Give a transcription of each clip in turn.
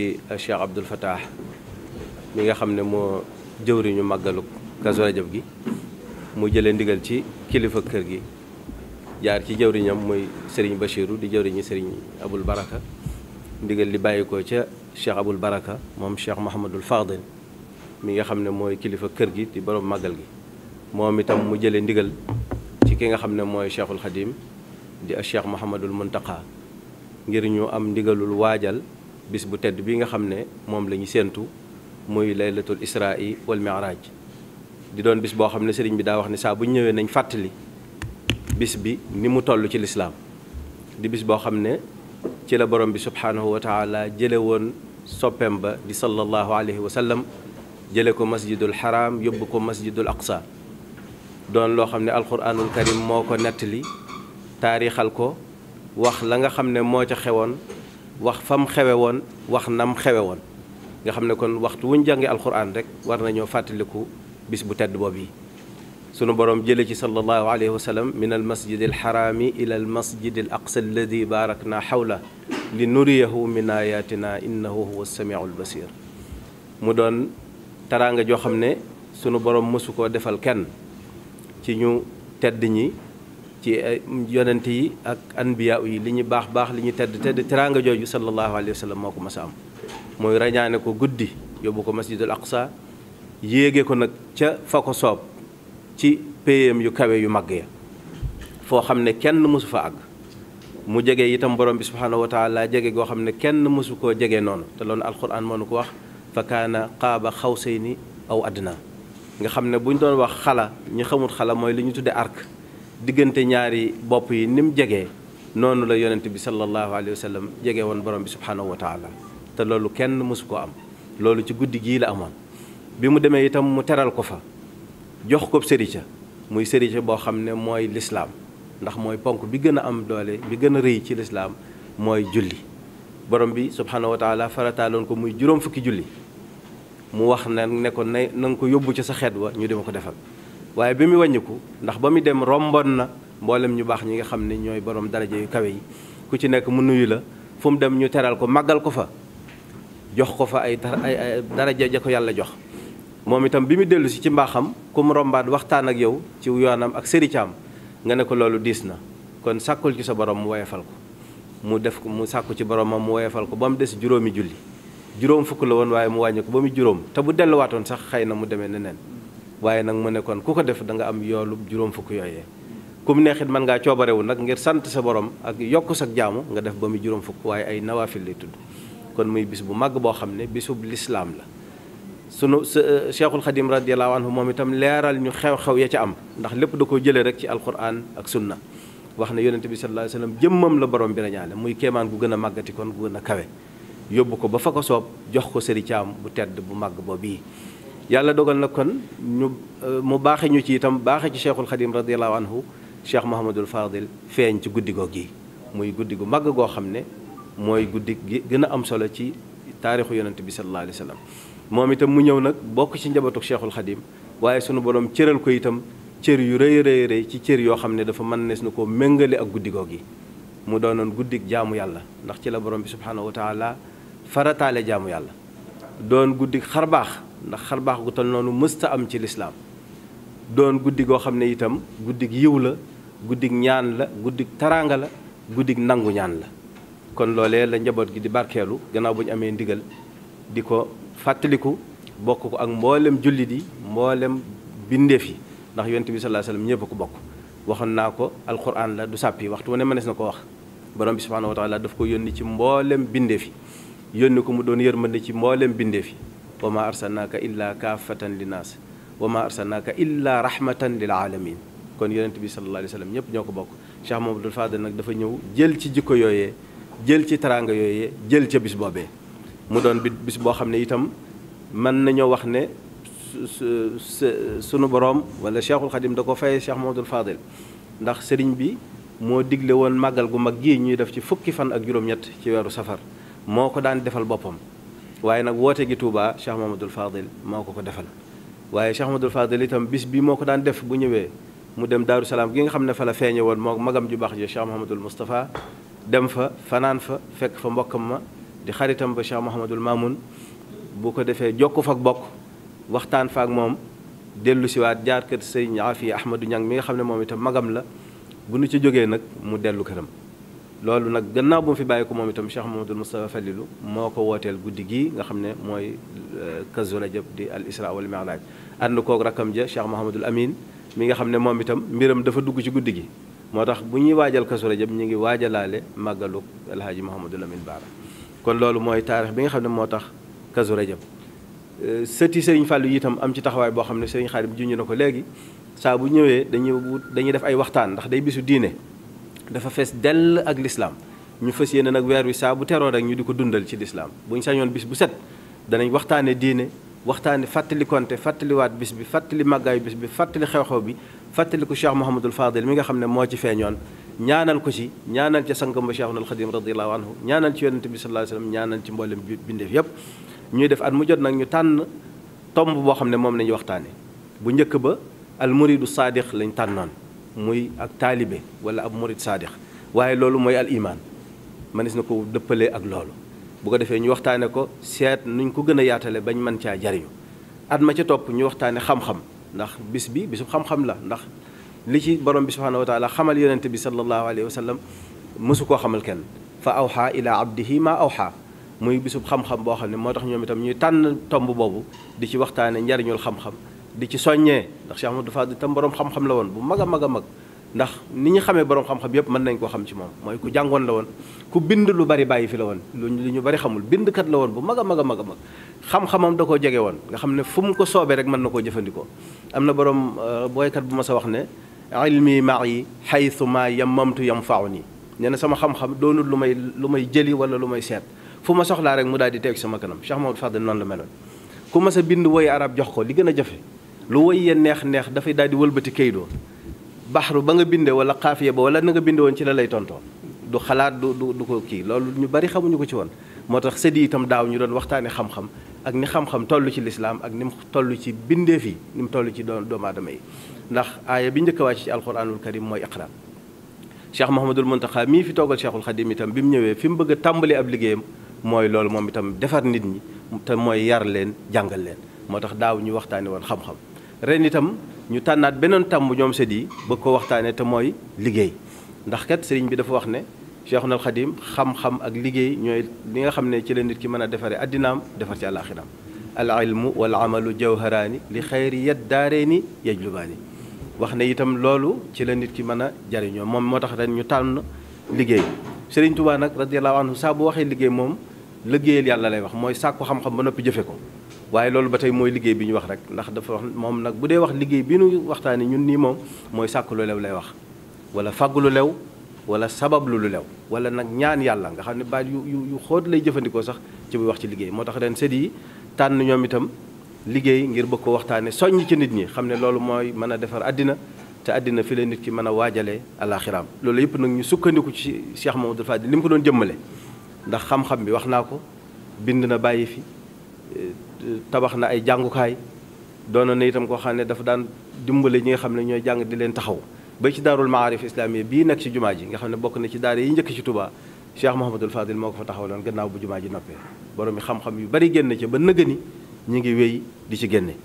di Cheikh abdul fatah mi nga xam ne moo jëwriñu magaluk Kazu Rajab gi mu jëlee ndigal ci kilifa kër gi jaar ci jëwriñam muy Serigne Bachirou di jëwriñu Serigne Aboul Baraka ndigal li bàyyi ko Cheikh Baraka mom Cheikh mohammedul Fadil mi nga xam ne mooy kilifa kër gi di borom magal gi moom itam mu jëlee ndigal ci ki nga xam ne Cheikhul Khadim di Cheikh Mouhamadul Muntaqa ngir ñu am ndigalul wajal bis bu tedd bi nga xam ne moom la ñu séentu muy laylatul isra'i wal mi'raj di doon bis boo xam ne sëriñ bi daa wax ne saa bu ñu ñëwee nañ fàttali bis bi ni mu toll ci lislaam di bis boo xam ne ci la borom bi subhaanahu wa taala jële woon soppeem ba di sallallahu alayhi wa sallam jële ko masjidul haram yóbbu ko masjidul aqsa doon loo xam ne alquranul karim moo ko nettali taarixal ko wax la nga xam ne moo ca xewoon wax fam xewe woon wax nam xewe woon nga xam ne kon waxtu wuñ jànge alquran rek war nañoo fàttaliku bis bu tedd boobu yi sunu borom jële ci sallallahu alayhi wa sallam min al masjid al xaraami ila al masjid al aqsa alladi baarakna xawla li nuriyahu min ayatina innahu huwa samiu al basir mu doon taraanga joo xam ne sunu borom mësu koo defal kenn ci ñu tedd ñi ci eh, yonent yi ak anbiya yi li ñu baax baax li ñu tedd tedd teraanga jooju sallallahu alayhi wa moo ko mas a am mooy rañaane ko guddi yóbbu ko masjidul aqsa yéege ko nag ca fa ko soob ci péyam yu kawe yu mag ya foo xam ne kenn mësu fa àgg mu jege itam borom bi subhaanahu wa taala jege goo xam ne kenn mësu koo jege noonu te loolu alquran moo nu ko wax fa kaana qaaba ni aw adna nga xam ne buñ doon wax xala ñu xamul xala mooy li ñu tuddee arc diggante ñaari bopp yi ni mu jege noonu la yonent bi sallallahu alayhi wa sallam jege woon borom bi subhanahu wa taala te loolu kenn mosu ko am loolu ci guddi gii la amoon bi mu demee itam mu teral ko fa jox ko sërica muy sërica boo xam ne mooy lislaam ndax mooy ponk bi gën a am doole bi gën a rëy ci lislaam mooy julli borom bi subhanahu wa taala farataaloon ko muy juróom fukki julli mu wax na ne ko na nga ko yóbbu ca sa xeet wa ñu dima ko defal waaye bi muy wàññiku ndax ba mu dem romboon na mboolem ñu baax ñi nga xam ne ñooy boroom daraja yu kawe yi ku ci nekk mu nuyu la fu mu dem ñu teral ko màggal ko fa jox ko fa ay ay daraja ja ko yàlla jox moom itam bi mu dellu si ci mbaaxam ku mu rombaat waxtaan ak yow ci yoonam ak sëricaam nga ne ko loolu diis na kon sàkkul ci sa borom mu woyefal ko mu def ko mu sàkku ci boromam mu woyefal ko ba mu des juróomi julli juróom fukk la woon waaye mu wàññi ko ba mu juróom te bu delluwaatoon sax xëy na mu demee neneen waaye nag mu ne kon ku ko def da nga am yoolu juróom fukk yooyee ku neexit mën ngaa coobarewu nag ngir sant sa borom ak yokk sa jaamu nga def ba muy juróom fukk waaye ay nawaafil lay tudd kon muy bis bu màgg boo xam ne bisub lislaam la sunu eh, cheikhul xadim radiallahu anhu moom itam leeral ñu xew-xew ya ca am ndax lépp da ko jëlee rek ci alquran ak sunna wax ne yonente bi sallallahu alayhi wasallam jëmmam la borom bi rañaale muy kéemaan gu gën a màggati kon gu gën a kawe yóbbu ko ba fa soob jox ko sëri caam bu tedd bu màgg boo bii yàlla dogal na kon ñu mu baxé ñu ci itam baxé ci cheikhul khadim radiyallahu anhu cheikh mohammedul Fadil feñ ci guddigo gi muy guddigu mag go xamne moy guddig mooy gi gën am solo ci taarixu yonnati bi sallallahu alayhi wasallam sallam moom itam mu ñëw nak bokk ci njabatuk cheikhul khadim waye sunu borom cëral ko itam cër yu reey reey reey ci cër yo xamne dafa man nes nako méngale ak guddigo gi mu doonon guddig jaamu yàlla ndax ci la borom bi subhanahu wa taala le jaamu yàlla doon guddig xarbax ndax xar baax gu tol noonu mësta am ci lislaam doon guddi goo xam ne itam guddi guddig yiw la guddig ñaan la guddig taraanga la guddig nangu ñaan la kon loolee la njaboot gi di barkeelu gannaaw bu ñu amee ndigal di ko fàttaliku bokk ko ak mboolem jullit yi mboolem bindeef yi ndax yonent bi sallallahu alayhi wasallam ñëpp ko bokk waxoon naa ko alquran la du sàppi waxtu wane mënees na ko wax borom bi subhanahu wa taala daf ko yónni ci mboolem bindeef yi yónni ko mu doon yërmande ci mboolem bindeef yi وما أرسلناك إلا كافة للناس وما أرسلناك إلا رحمة للعالمين كون يرنت بي صلى الله عليه وسلم يب نيوكو بوك شيخ محمد الفاضل نك دا فا نيو جيل سي جيكو يوي جيل سي ترانغا يوي جيل سي بيس بوبي مو دون بيس بو خامني ايتام من نانيو واخني ولا شيخ الخديم داكو فاي شيخ محمد الفاضل ndax serigne bi mo diglé won magal gu mag gi ñuy def ci fukki fan ak juroom ñet waaye nag woote gi Touba Cheikh Mamadou Fadil moo ko ko defal waaye Cheikh Mamadou Fadil itam bis bi moo ko daan def bu ñëwee mu dem Daaru Salaam gi nga xam ne fa la feeñe woon moo magam ju baax ji Cheikh Mahamadul Moustapha dem fa fanaan fa fekk fa mbokkam ma di xaritam ba Cheikh Mahamadul Mamoun bu ko defee jokk fa ak bokk waxtaan fa ak moom dellu siwaat jaar kër sëñ Afi Ahmadou Ñang mi nga xam ne moom itam magam la bu nu ci jógee nag mu dellu këram lolou nak gannaaw bu fi bàyyi ko moom itam Cheikh Mamadou mustafa fallilu moko wotel guddigi nga xamne moy mooy Kazu di al isra wal mi'raj ànd koog rakam je Cheikh Mahamadul Amin mi nga xamne momi tam mbiram dafa dugg ci guddigi motax bu ñi waajal Kazu Rajab ñi ngi waajalaale màggalug El Hadji Mahamadul Amin bara kon lolou moy tarikh bi nga xamne motax moo tax seuti Serigne fallu yitam am ci taxaway bo xamne Serigne khadim juñu nako legi sa bu ñewé dañuy dañuy def ay waxtaan ndax day bisu diine dafa fess del ak l'islam ñu fassiyene nak wër wi sa bu teroo rek ñu diko dundal ci l'islam buñ sañon bis bu set danañ waxtane diine waxtane fatali konte fatali wat bis bi fatali magay bis bi fatali xew xew-xew bi fatali ko cheikh mohammed al Fadil mi nga xamne mo ci feñon ñaanal ko ci ñaanal ci sangam ba cheikhul xadim radiallahu anhu ñaanal ci yonente bi sallallahu alayhi wasallam ñaanal ci mboolem bindeef yépp ñuy def at mu jot nak ñu tan tomb bo xamne mom moom waxtane bu ñëk ba al muridu sadiq lañ tànnoon muy ak taalibe wala ab murid saadix waaye loolu mooy al imaan mënees na ko dëppalee ak loolu bu ko defee ñu waxtaane ko seet nuñ ko gën a yaatale bañ mën caa jariñu at ma ca topp ñu waxtaane xam-xam ndax bis bi bisub xam-xam la ndax li ci borom bi subhaanahu wa taala xamal yonente bi sallallahu alayhi wa sallam mësu koo xamal kenn fa awxaa ilaa abdihi maa awxaa muy bisub xam-xam boo xam ne moo tax ñoom itam ñuy tànn tomb boobu di ci waxtaane njariñul xam-xam di ci soññee ndax Cheikh Amadou Fadil itam borom xam-xam la woon bu mag a mag a mag ndax ni ñu xamee borom xam-xam yëpp mën nañ koo xam ci moom mooy ku jàngoon la woon ku bind lu bari bàyyi fi la woon lu ñu bari xamul bindkat la woon bu mag a mag a mag a mag xam da koo jege woon nga xam ne fu mu ko soobee rek mën na koo jëfandikoo am na borom euh, boykat bu ma sa wax ne ilmi maa yi xaytu maa yammamtu yam faaw nii nee na sama xam-xam doonul lu may lu may jëli wala lu may seet fu ma soxlaa rek mu daal di teeg sama kanam Cheikh Mamadou Fadil noonu la meloon ku mas bind woy arab jox ko li gën a jafe lu woy ya neex-neex dafay daal di wëlbati kayit wa baxru ba nga binde wala xaafiya ba wala na nga binde woon ci la lay tontoo du xalaat du du du ko kii loolu ñu bari xamuñu ko ci woon moo tax sëdi itam daaw ñu doon waxtaane xam-xam ak ni xam-xam toll ci lislaam ak ni mu toll ci bindeef yi ni mu toll ci doomu aadama yi ndax aaya bi njëkk a wàcc ci alquranul karim mooy iqra cheikh mahamadul muntaxa mii fi toogal cheikhul xadim itam bi mu ñëwee fi mu bëgg a tàmbali ab liggéeyam mooy loolu moom itam defar nit ñi te mooy yar leen jàngal leen moo tax daaw ñu waxtaane woon xam-xam ren itam ñu tanat benen tam ñoom sët yi bëgg ko waxtane te moy liggéey ndax kat sëriñ bi dafa wax ne Cheikhul Khadim xam-xam ak liggéey ñoy li nga xamné ci la nit ki mëna défaré adinaam defar ci àlaxiraam al ilmu wal amalu jawharani li xayri yat daareeni yajlubaani wax ne itam loolu ci la nit ki mëna a jariñoo moom moo tax ñu tan liggéey sëriñ touba nak radiyallahu anhu sa bu waxé liggéey mom liggéeyal yàlla lay wax sa ko xam xam-xam ba nopi jëfe ko waye lolou batay moy mooy biñu wax rek ndax dafa wax mom nak budé wax liggéey biñu waxtani ñun ni mom moy sakku lu lew lay wax wala fagu lu lew wala sabab lu lew wala nak ñaan yàlla nga xamni ne yu yu xóot lay jëfëndiko sax ci bu wax ci liggéey motax den sédi tan ñom itam liggéey ngir bëkk waxtani soñ ci nit ñi xam lolou moy mëna defar adina te adina fi le nit ki mëna wajalé al-akhiram lolou yëpp nak ñu sukkandiku ci Cheikh Mamadou Fadi lim ko doon jëmmale ndax xam-xam bi waxnako naa bind na bàyyi fi tabax na ay jàngukaay doonoon na itam koo xam ne dafa daan dimbale ñi nga xam ne ñooy jàng di leen taxaw ba ci daarul maarif islamiya bii nekk ci jumaa ji nga xam ne bokk na ci daar yi njëkk ci Touba Cheikh Mouhamadul Fadil moo ko fa taxawaloon gannaaw bu jumaa ji noppee borom mi xam-xam yu bari génn ci ba nëgëni ñu ngi wey di ci génne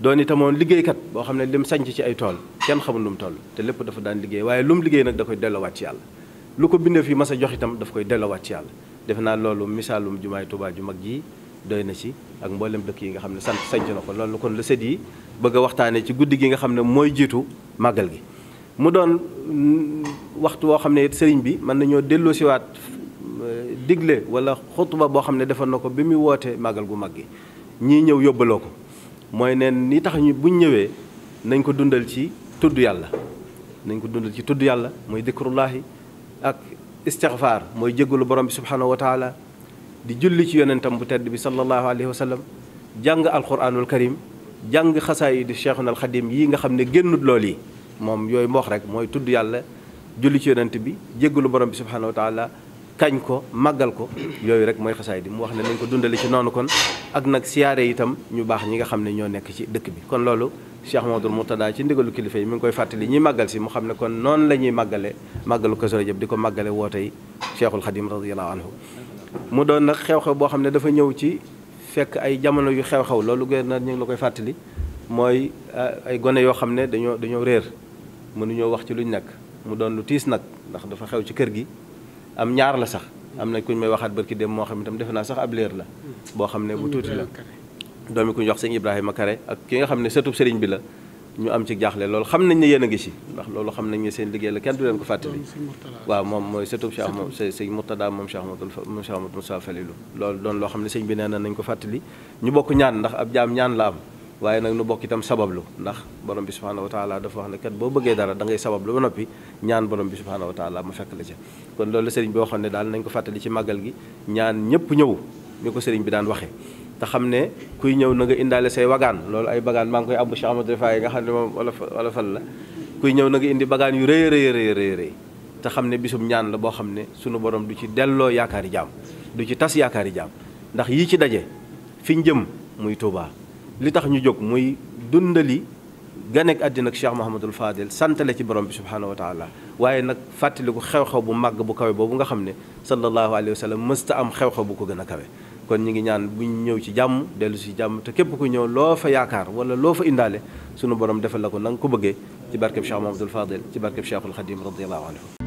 doon itamoon liggéeykat boo xam ne lim sanc ci ay tool kenn xamul lu mu toll te lépp dafa daan liggéey waaye lu liggéey nag da dellowaat ci yàlla ko bindee fi mas jox itam daf koy dellowaat ci yàlla defe naa loolu misaalum jumaay Touba ju mag ji doy na ci ak mboolem dëkk yi nga xam ne sant sanc na ko loolu kon la sët yi bëgg a waxtaanee ci guddi gi nga xam ne mooy jiitu màggal gi. mu doon mm, waxtu woo xam ne it sëriñ bi mën nañoo delloosiwaat euh, digle wala xutba boo xam ne defoon na ko bi muy wootee màggal gu mag gi ñii ñëw yóbbaloo ko mooy neen ni tax ñu buñ ñëwee nañ ko dundal ci tudd yàlla. nañ ko dundal ci tudd yàlla mooy dikrullahi ak istixfaar mooy jéggalu borom bi subxanahu di julli ci yonentam bu tedd bi sallallahu alayhi wa sallam jàng alquranul karim jàng xasaay di cheikhuna al khadim yi nga xamne génnut loli mom yoy mo wax rek moy tuddu yàlla julli ci yonent bi jéggalu borom bi subhanahu wa taala kagn ko magal ko yoy rek moy xasaay di mu wax ne nañ ko ci nonu kon ak nak siyaare itam ñu bax ñi nga xamne ño nek ci dëkk bi kon lolu Cheikh Mamadou murtada ci ndigalu kilife yi mi ngi koy fatali ñi magal ci mu xamne kon non lañuy magale magalu ko Kazu Rajab diko magale wotay Cheikhul Khadim radiyallahu anhu mu doon nag xew-xew boo xam ne dafa ñëw ci fekk ay jamono yu xew-xew loolu gouverneur ñu ngi la koy fàttali mooy eh, ay gone yoo xam ne dañoo dañoo réer mënuñoo wax ci luñ nekk mu doon lu tiis nag ndax dafa xew ci kër gi am ñaar la sax am na kuñ may waxaat barki dem moo xam ne tam defe naa sax ab leer la boo xam ne bu tuuti la doomi kuñ wax sëñ Ibrahima Kare ak ki nga xam ne sëtub sëriñ bi la ñu am ci jaaxle loolu xam nañ ne yéen a ngi si ndax loolu xam nañ ne seen liggéey la kenn du leen ko fàttali waaw moom mooy sëtub Cheikh moom sëñ Murtada moom Cheikh Amadou loolu doon loo xam ne sëñ bi nee na nañ ko fàttali ñu bokk ñaan ndax ab jaam ñaan la am waaye nag nu bokk itam sabablu ndax borom bi subhaanahu wa taala dafa wax ne kat boo bëggee dara da ngay sabablu ba noppi ñaan borom bi subhaanahu wa taala ma fekk la ca kon loolu la sëriñ bi ne daal nañ ko fàttali ci màggal gi ñaan ñëpp ñëw ni ko sëriñ bi daan waxee te xam ne kuy ñëw na nga indaale say wagaan loolu ay bagaan maa ngi koy abbu Cheikh Amadou Faye nga xam ne moom wala wala fan la kuy ñëw na nga indi bagaan yu rëy rëy rëy rëy te xam ne bisum ñaan la boo xam ne sunu borom du ci delloo yaakaari jaam du ci tas yaakaari jaam ndax yii ci daje fi ñu jëm muy Touba li tax ñu jóg muy dundali ganek àddina ak Cheikh Mouhamadul Fadil santale ci borom bi subhaanahu wa taala waaye nag fàttaliku xew-xew bu màgg bu kawe boobu nga xam ne sallallahu alayhi wa sallam mësta am xew bu ko gën a kawe kon ñu ngi ñaan bu ñu ñëw ci jàmm dellu si jàmm te képp ku ñëw loo fa yaakaar wala loo fa indaale sunu borom defal la ko na nga ko bëggee ci barkeb Cheikh Mamadou Fadil ci barkeb Cheikhul Khadim radiyallahu anhu